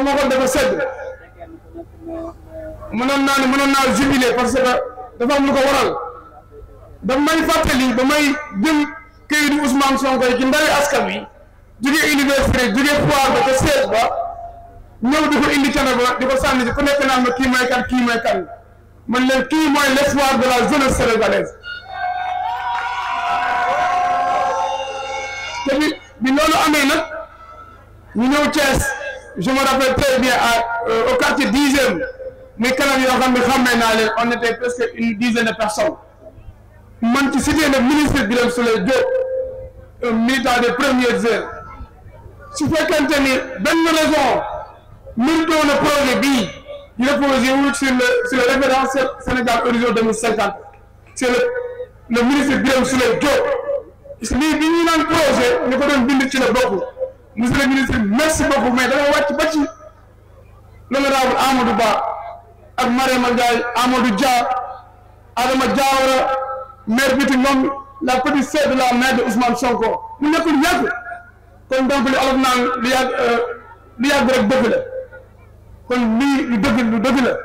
sama xol dafa sedd mënoon naa mën mënoon naa jubilé parce que dafa am lu ko waral da may fàttali ba may jëm këyitu Ousmane Sonko yi ci ndawi askan wi jugee université jugee foire ba ca siège ba ñëw di ko indi Thiénaba di ko ku nekk naan ma kii mooy kan kii mooy kan man leen kii mooy l'espoir de la jeunesse sénégalaise te bi bi loolu amee nag ñu ñëw Thiès. je me rappelle très bien à, euh, au quartier dixième muy kanam yoo xam ne xàmmee naa leen on était presque une dizaine de personnes man ci cité nag ministre Birame Souleye Diop un militant les premières heures su fekkente ni benn raison mérité woon ne projet bii ñu reposé wul sur le sur le référentiel Sénégal horizon deux mille cinquante c' est le le ministre Birame Souleye Diop lii ñu naan projet ñu ko doon bind ci la bokk monsieur le ministre merci beaucoup mais dafa wàcc ba ci l'honorable Amadou Ba a Mariama Ndiaye Amadou Dia Adama Diawara maire biti moom la petite sœur de la mère de Ousmane Sonko mu nekkul yàgg kon donc li olof naan li euh, yàgg rek dëgg kon lii lu dëgg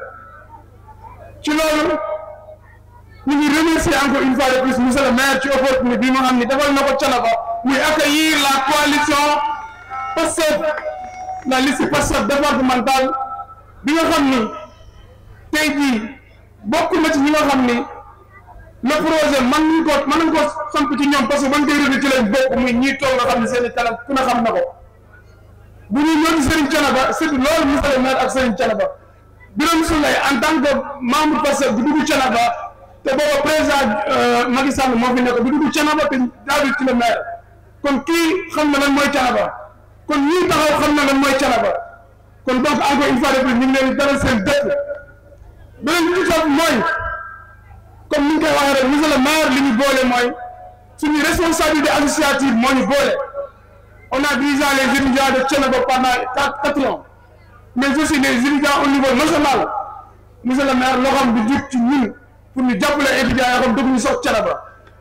ci loolu ñu ngi remercier encore une fois de plus monsieur le maire ci opportunité bi nga xam ne defal na ko Thiénaba muy accueillir la coalition Pastef la liste Pastef départementale bi nga xam ni tey jii bokk na ci ñi nga xam ni le projet man nañ ko mën nañ ko ci ñoom parce que ban koy rëdd ci lañ bokk muy ñii toog nga xam ne seen i talent ku ne xam na ko bu ñu ñëw di Serigne Thiénaba surtout loolu monsieur le ak Serigne Thiénaba Birame Souleye en tant que membre Pastef bu dugg Thiénaba te booba président euh, Macky Sall moo fi nekk bu dugg Thiénaba te daawul kon kii xam na lan mooy Thiénaba kon ñuy taxaw xam na lan mooy Thiénaba kon donc encore une fois de plus ñu ngi leen di dalal seen dëkk beneen bi ci topp mooy comme ni ñu koy waxee rek monsieur le maire li ñu boole mooy suñu responsabilité associative moo ñu boole on a dirigé les étudiants de Thiénaba pendant quatre quatre ans mais aussi les étudiants au niveau national monsieur le maire loxoom bi jub ci ñun pour ñu jàppale étudiants yoo xam dëgg ñu soog Thiénaba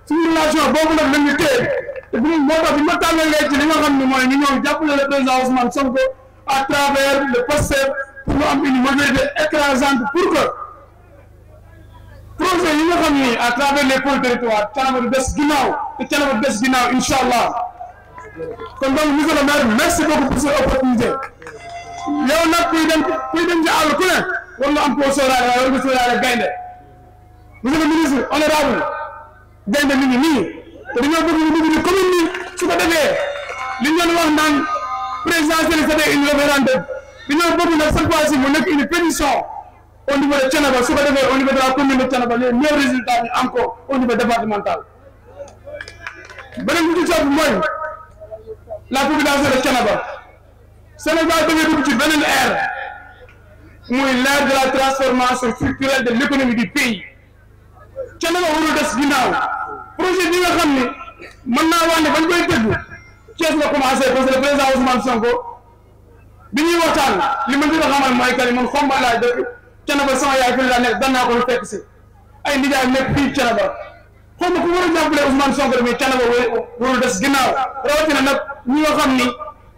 suñu relation boobu nag la ñu téye. bii moo tax bi ma tàmbalee ci li nga xam ne mooy ñu ñëw jàppale le président Ousmane Sonko à travers le PASTEF pour mu am une majorité écrasante pour que projet yi nga xam ni à travers les pôles territoires Thiénaba du des ginnaaw te Thiénaba des ginnaaw incha allah kon donc monsieur le maire merci beaucoup pour cette opportunité yow nag kuy dem kuy dem ci àll ku am koo sóoraale waaye war nga sóoraale gaynde monsieur le ministre honorable gaynde dañoo bëgg ñu dugg commune bi ko defee li ñu doon wax naan présidentielle c'était une référendum dañoo bëgg nag cette fois ci mu nekk une pétition au niveau de Thiénaba su ko defee au niveau de la commune de Thiénaba les meilleurs résultats ñu am ko au niveau départemental. beneen bi ci topp mooy la population de Thiénaba Sénégal dañoo dugg ci beneen ère muy l'ère de la transformation structurelle de l'économie du pays Thiénaba warul des ginnaaw. projet bi nga xam ni mën naa wax ne bañ koy dégg Thiès la commencé parce que le président Ousmane Sonko bi ñuy waxtaan li ma gën a xamal mooy que ni man xomba laa dëkk Thiénaba sama yaay fii laa nekk dan naa ko lu fekk si ay nijaay nekk fii Thiénaba xaw ma ku war a jàppale Ousmane Sonko mais Thiénaba warul des ginnaaw rawatina nag ñi nga xam ni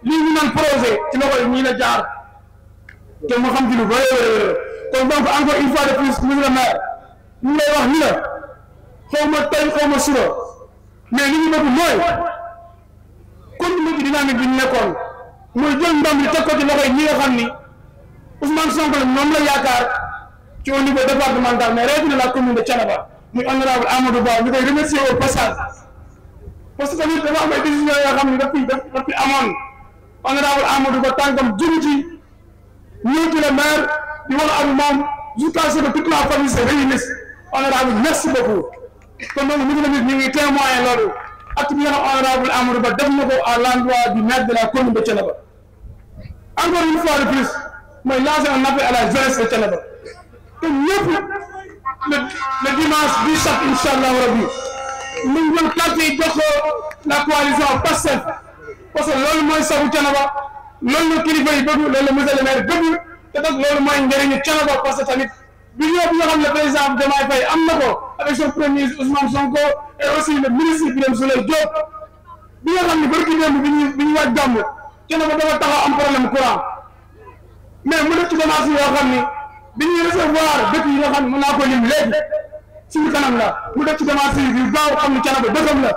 lii ñu naan projet ci loxo yi ñii la jaar te mu xam ci lu bëri kon donc encore une fois de plus monsieur le maire ñu wax ni xaw ma tey xaw ma suba mais li ñu bëgg mooy continuité dynamique bi ñu nekkoon mooy jël ndam li teg ko ci loxoy ñi nga xam ni Ousmane Sonko moom la yaakaar ci au niveau départemental mais rawatina la commune de Thiénaba muy honorable Amadou Ba ñu koy remercier au passage parce que tamit dafa am ay décision yoo xam ne daf fi daf fi amoon honorable Amadou Ba tànkam jëm ci ñëw ci le maire di wax ak moom jusqu'à ce que toute la famille se réunisse honorable merci beaucoup kon donc monsieur le ministre ñu ngi témoigner loolu acte bi nga xam honorable Amadou Ba def na ko à l'endroit du maire la commune de Thiénaba encore une fois de plus mooy lancer un appel à la jeunesse de Thiénaba te ñëpp le le allah rabi ñu ngi jël carte yi la coalition a parce que loolu mooy saxu Thiénaba loolu la kilifa yi bëgg loolu la monsieur le maire bëgg te nag loolu mooy njëriñu Thiénaba parce tamit bi ñoo bi nga xam ne président Diomaye Faye am na ko. avec son premier Ousmane Sonko et aussi le ministre Birame Souleye Diop bi nga xam ne barki démb bi ñuy bi ñu waaj gàmm kenn ko dafa taxaw am problème courant mais mu def ci commencé xam ni bi ñuy recevoir dëkk yi nga xam ne mën naa ko kanam la mu def ci commencé yu gaaw xam ne canaba bësam la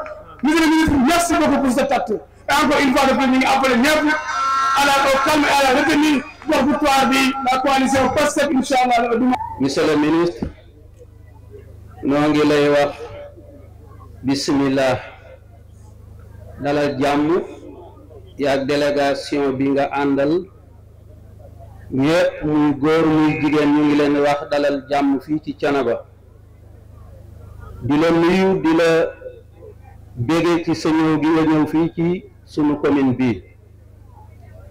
monsieur ministre merci beaucoup pour cet acte et encore une fois de plus ñu ngi appelé ñëpp à la au calme et à la retenue pour victoire bi la allah. monsieur le ministre. noo ngi lay wax bismillah dalal jàmm yaag délégation bi nga àndal ñëpp muy góor muy jigéen ñu ngi leen wax dalal jàmm fii ci Thiénaba di la nuyu di la bége ci sa ñëw gi nga ñëw fii ci sunu commune bi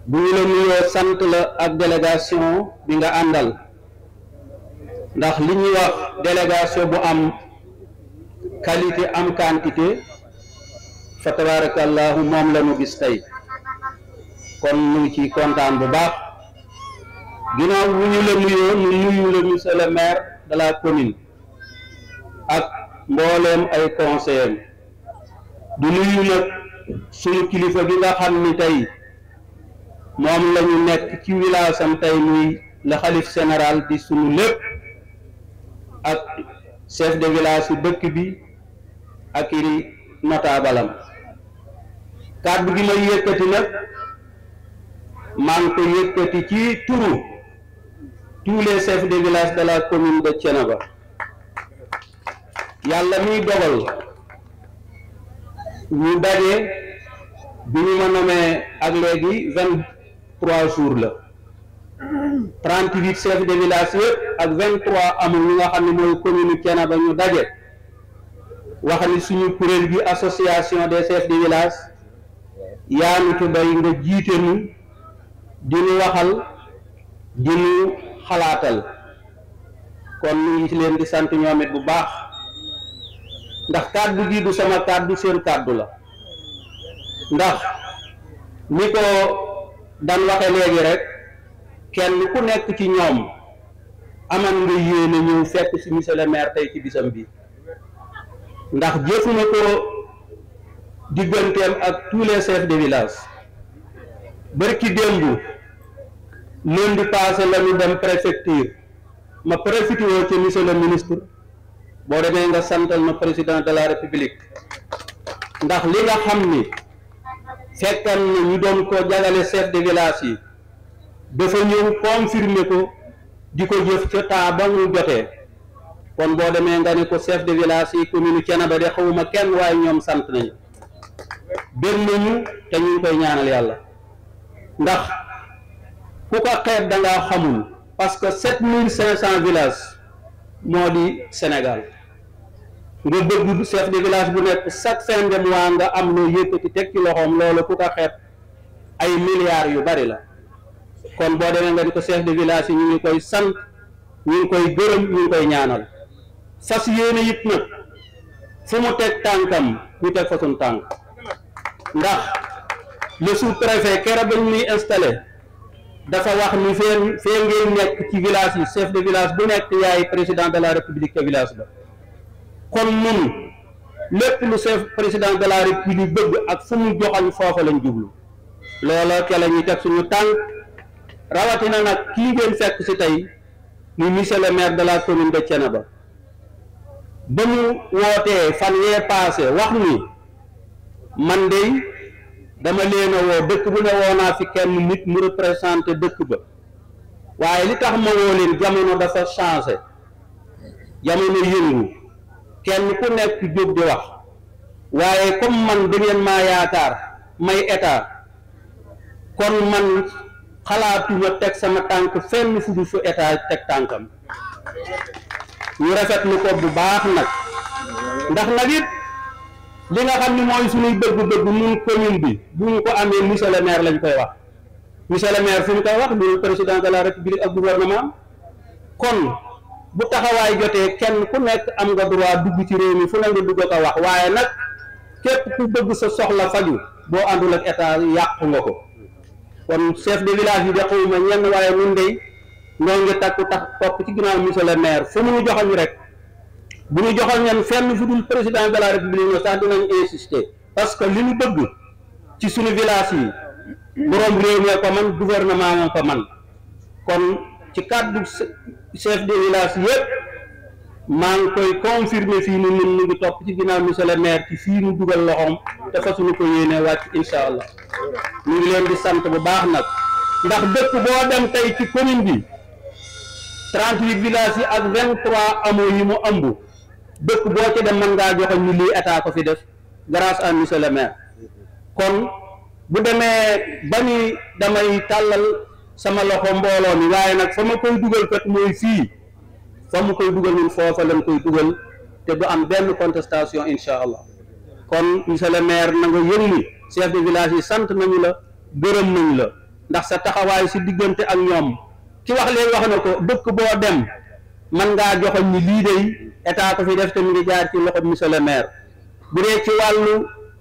bu ñu la nuyoo sant la ak délégation bi nga àndal ndax li ñuy wax délégation bu am qualité am quantité fa tabarakallahu moom la gis tey kon ñu ci kontaan bu baax ginnaaw bu ñu la nuyoo ñu nuyu la monsieur maire de la ak mbooleem ay conseillers du nuyu nag suñu kilifa gi nga xam ni tey moom la ñu nekk ci village tey muy le xalif sénéral di suñu lépp ak chef de village su dëkk bi ak i notaabalam kàddu gi may yëkkati nag maa ngi ci turu tous les chefs de village de la commune de Thiénaba yàlla miy dogal ñu daje bi ñu ma nomee ak léegi vingt jours la trente huit chefs de village yëpp ak vingt trois amul ñi nga xam ne mooy commune Thiénaba ñu daje wax ni suñu kuréel bi association des chefs de village yaa nu tuddee nga jiite nu di nu waxal di nu xalaatal kon mu ngi leen di sant ñoomit bu baax ndax kàddu gi du sama kàddu seen kàddu la ndax ni ko daan waxe léegi rek kenn ku nekk ci ñoom. aman nga yéene ñëw fekk si monsieur le maire tey ci bisam bi ndax jëfu na ko digganteem ak tous les chefs de village bërki démb lundi passé la ñu dem préfecture ma profité woo ci monsieur ministre boo demee nga santal ma président de la république ndax li nga xam ni fekkan na ñu doon ko jagale chef de village yi dafa ñëw confirmer ko di ko jëf ca ba mu jotee kon boo demee nga ne ko chef de village yi commune Thiénaba de xawuma kenn waaye ñoom sant nañu bég nañu te ñu koy ñaanal yàlla ndax ku ko xeeb dangaa xamul parce que sept mille cinq cent villages moo di Sénégal nga bëgg chef de village bu nekk chaque fin de mois nga am loo yëkkati teg ci loxoom loolu ku ko xeeb ay milliards yu bari la kon boo demee nga di ko chef de village yi ñu ngi koy sant ñu ngi koy gërëm ñu ngi koy ñaanal fas yéene it nag fu mu teg tànkam ñu teg fa tànk ndax le sous-préfet keroog ba ñuy installé dafa wax ni fee ngeen nekk ci village yi chef de village bu nekk yaay président de la république ca village ba kon ñun lépp lu chef président de la république bëgg ak fu mu joxal foofa lañ jublu loola ke la ñuy teg suñu tànk rawatina nag kii ngeen fekk si tey muy monsieur le maire de la commune de Thiénaba ba mu wootee fan yee paase wax ni man de dama leen woo dëkk bu ne woo naa fi kenn nit mu représenté dëkk ba waaye li tax ma woo leen jamono dafa changé jamono yëngu kenn ku nekk jóg di wax waaye comme man da ngeen maa yaakaar may état kon man xalaatuma teg sama tànk fenn fu du fu état teg tànkam ñu rafetlu ko bu baax nag ndax nag it li nga xam ni mooy suñuy bëgg-bëgg ñun commune bi bu ñu ko amee monsieur le maire lañ koy wax monsieur le maire fu ñu koy wax ñun président de la république ak gouvernement kon bu taxawaay jotee kenn ku nekk am nga droit dugg ci réew mi fu la nga dugg ko wax waaye nag képp ku bëgg sa soxla faju boo àndul ak état yàqu nga ko kon chef de village yi de xawma ñenn waaye nun dey ñoo ngi takku tax topp ci ginnaaw monsieur le maire fu mu ñu joxoñ rek bu ñu joxoñ ñen fenn fu dul président de la république ñoo sax dinañ insister parce que li ñu bëgg ci suñu village yi borom réew mee ko man gouvernement moo ko man kon ci kàddu chef de village yépp maa ngi koy confirmer fii ni ñun ñu ngi topp ci ginnaaw monsieur le maire ci fii mu dugal loxoom te fasuñu ko yéene wàcc incha allah ñu ngi leen di sant bu baax nag ndax dëkk boo dem tey ci commune bi trent 38 village yi ak 23 hameaux yi mu ëmb dëkk boo ci dem mën ngaa joxoñ ñu lii état ko fi def grâce à monsieur kon bu demee ba ni damay tàllal sama loxo mbooloo mi waaye nag fa ma koy dugal kat mooy fii. fa mu koy dugal ñun foofa lañ koy dugal te du am benn contestation incha allah kon monsieur le maire na nga yëg ni chef de village yi sant nañu la gërëm nañu la ndax sa taxawaay si diggante ak ñoom ki wax leen wax na ko dëkk boo dem man ngaa joxoñ ni lii dey état ko fi def te mu ngi jaar ci loxo monsieur le bu dee ci wàllu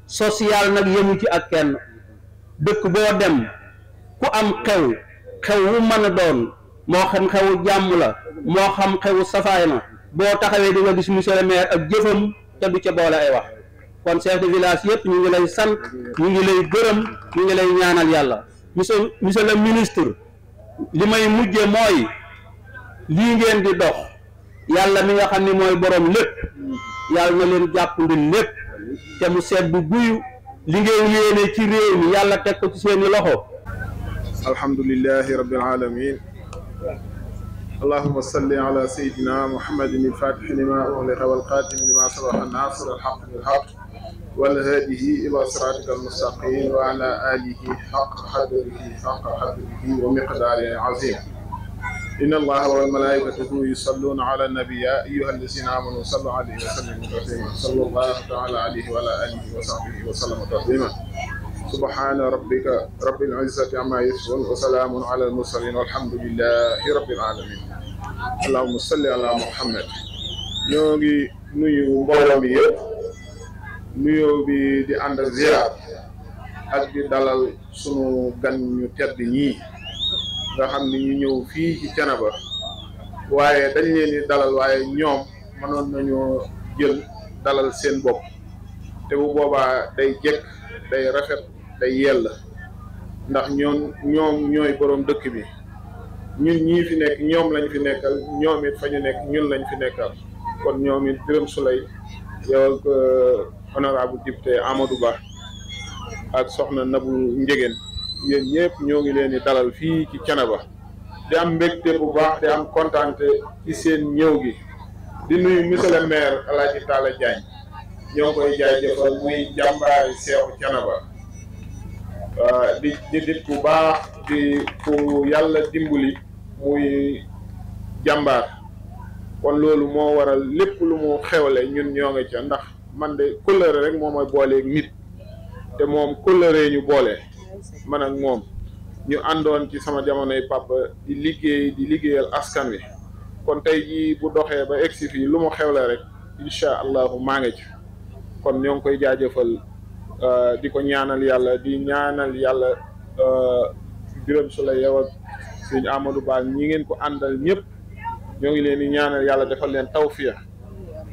social nag yëmu ci ak kenn dëkk boo dem ku am xew xew wu mën a doon moo xam xewu jàmm la moo xam xewu safaay na boo taxawee di nga gis le maire ak jëfam te du ca boole ay wax kon chef de village yëpp ñu ngi lay sant ñu ngi lay gërëm ñu ngi lay ñaanal yàlla monsieur monsieur le ministre li may mujje mooy ngeen di dox yàlla mi nga xam ni mooy borom lépp yàlla na leen jàppandi mu seet bu guyu li ngeen yéene ci réew mi yàlla teg ko ci seeni loxo alhamdulillahi rabbil alamin اللهم صل على سيدنا محمد الفاتح لما أغلق والقاتم لما سبق الناصر الحق بالحق والهادي إلى صراطك المستقيم وعلى آله حق قدره حق قدره ومقداره عظيم إن الله وملائكته يصلون على النبي يا أيها الذين آمنوا صلوا عليه وسلموا تسليما صلى الله تعالى عليه وعلى آله وصحبه وسلم تسليما subhaana rabbika rabbil izzati amma yasifuun wa salaamun ala al mursaliin walhamdulillahi rabbil alamin allahumma salli ala muhammad ñoo ngi nuyu mbooloo mi yëpp bi di ànd ak ziar ak di dalal sunu gan ñu tedd ñii nga xam ni ñu ñëw fii ci Thiénaba waaye dañ leen di dalal waaye ñoom mënoon nañoo jël dalal seen bopp te bu boobaa day jekk day rafet day yell ndax ñoom ñoom ñooy boroom dëkk bi ñun ñii fi nekk ñoom lañ fi nekkal ñoom it fa ñu nekk ñun lañ fi nekkal kon ñoom it Birame Souleye yow ak euh, Amadou Ba ak soxna Nabou Ndiéguène yéen ñëpp ñoo ngi leen di dalal fii ci Thiénaba di am mbégte bu baax di am kontaante ci seen ñëw gi di nuyu monsieur le maire Alaaji Talla Diagne ñoo koy jaajëfal muy jàmbaari seexu Thiénaba Euh, di di dit bu baax di ku yàlla dimbuli muy jàmbaar kon loolu moo waral lépp lu mu xewle ñun ñoo nga ca ndax man de kóllëre rek moom may booleeg nit te moom kóllëre ñu boole man ak moom ñu àndoon ci sama jamonoy papa di liggéey di liggéeyal askan wi kon tey jii bu doxee ba egsi fii lu mu xewle rek incha allahu maa ngi ci kon ñoo ngi koy jaajëfal Euh, di ko ñaanal yàlla di ñaanal yàlla euh, Birame Souleye yow ak sëñ Amadou Ba ñi ngeen ko àndal ñëpp ñoo ngi leen di ñaanal yàlla defal leen tawfiya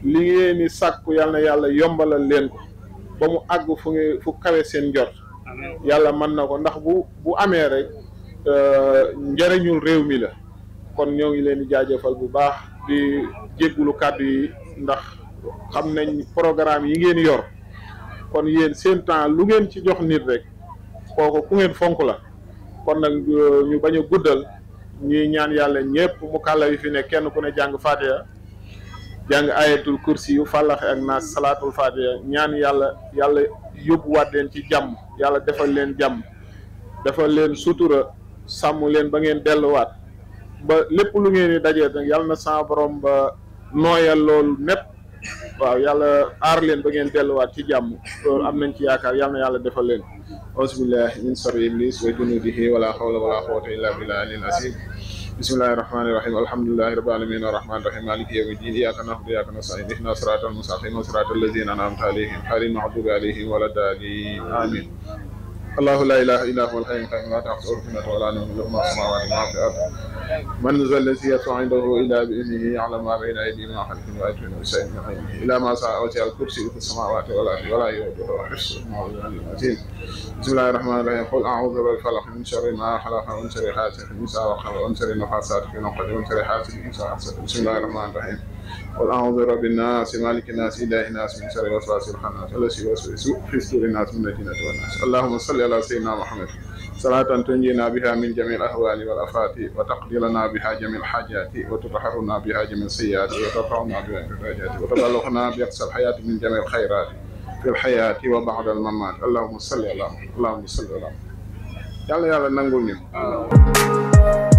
li ngeen di yàlla na yàlla yombalal leen ko ba mu àgg fu ngeen fu kawe seen njort yàlla mën na ko ndax bu bu amee rek euh, njëriñul réew mi la kon ñoo ngi leen di jaajëfal bu baax di jéggulu kàddu yi ndax xam nañ programme yi ngeen yor kon yéen seen temps lu ngeen ci jox nit rek kooku ku ngeen fonk la kon nag euh, ñu bañ a guddal ñuy ñaan yàlla ñëpp mu kàlla yu fi ne kenn ku ne jàng fatiha jàng ayatul kursi yu fàllaxe ak naas salaatul fatiha ñaan yàlla yàlla yóbbuwaat leen ci jàmm yàlla defal leen jàmm defal leen sutura sàmm leen ba ngeen delluwaat ba lépp lu ngeen di dajee nag yàlla na sa ba euh, nooyal loolu népp waaw yàlla aar leen ba ngeen delluwaat ci jàmm loolu am nañ ci yaakaar yàlla na yàlla defal leen ausbillahi min sarri iblis wa junuudihi wala xawla wala quwwata illa billahi alil azim bismillahi rahmani rahim alhamdulillahi rabbil alamin arrahmani rahim maliki yawmi din iyyaka na'budu wa iyyaka nasta'in ihdina siratal mustaqim siratal ladzina an'amta alayhim ghayril maghdubi alayhim wala daalin amin allahu laa ilaaha illaa huwal hayyul qayyuum laa ta'khudhuhu sinatun wa laa nawm lahu maa fi samaawaati wa maa fi al-ard man zal lazii yashfa'u 'indahu illaa bi-idhnihi ya'lamu maa bayna aydihim wa maa khalfahum wa laa yuhiituna bi shay'in min 'ilmihi illaa maa shaa'a wa wasi'a kursiyuhu as-samaawaati wal-arda wa laa yaa'uduhu hifdhuhumaa wa huwa al-'aliyyul 'aziim bismillaahi rahmaani rahiim qul a'uudhu bi rabbil falaq min sharri maa khalaq wa min sharri haasiqin idhaa waqab wa min sharri nafaasaati fil 'uqad wa min sharri haasidin idhaa hasad bismillaahi rahmaani rahiim qul a'uuzu bi rabbi naas maaliki naas ilaahi naas min sharril waswaasil xannaas allazii yuwaswisu fii suuri naas min al-jinnati wan-naas allahumma salli alaa sayyidinaa Muhammad salaatan tunjiinaa bihaa min jamiil ahwaali wal aafaati wa taqdii lanaa bihaa jamiil haajaati wa tutahhirunaa bihaa jamiil sayyi'aati wa tarfa'unaa bihaa darajaati wa tuballighnaa bihaa aqsal hayaati min jamiil khayraati fil hayaati wa ba'dal mamaati allahumma salli alaa Muhammad allahumma salli alaa Muhammad yàlla yàlla nangul ñu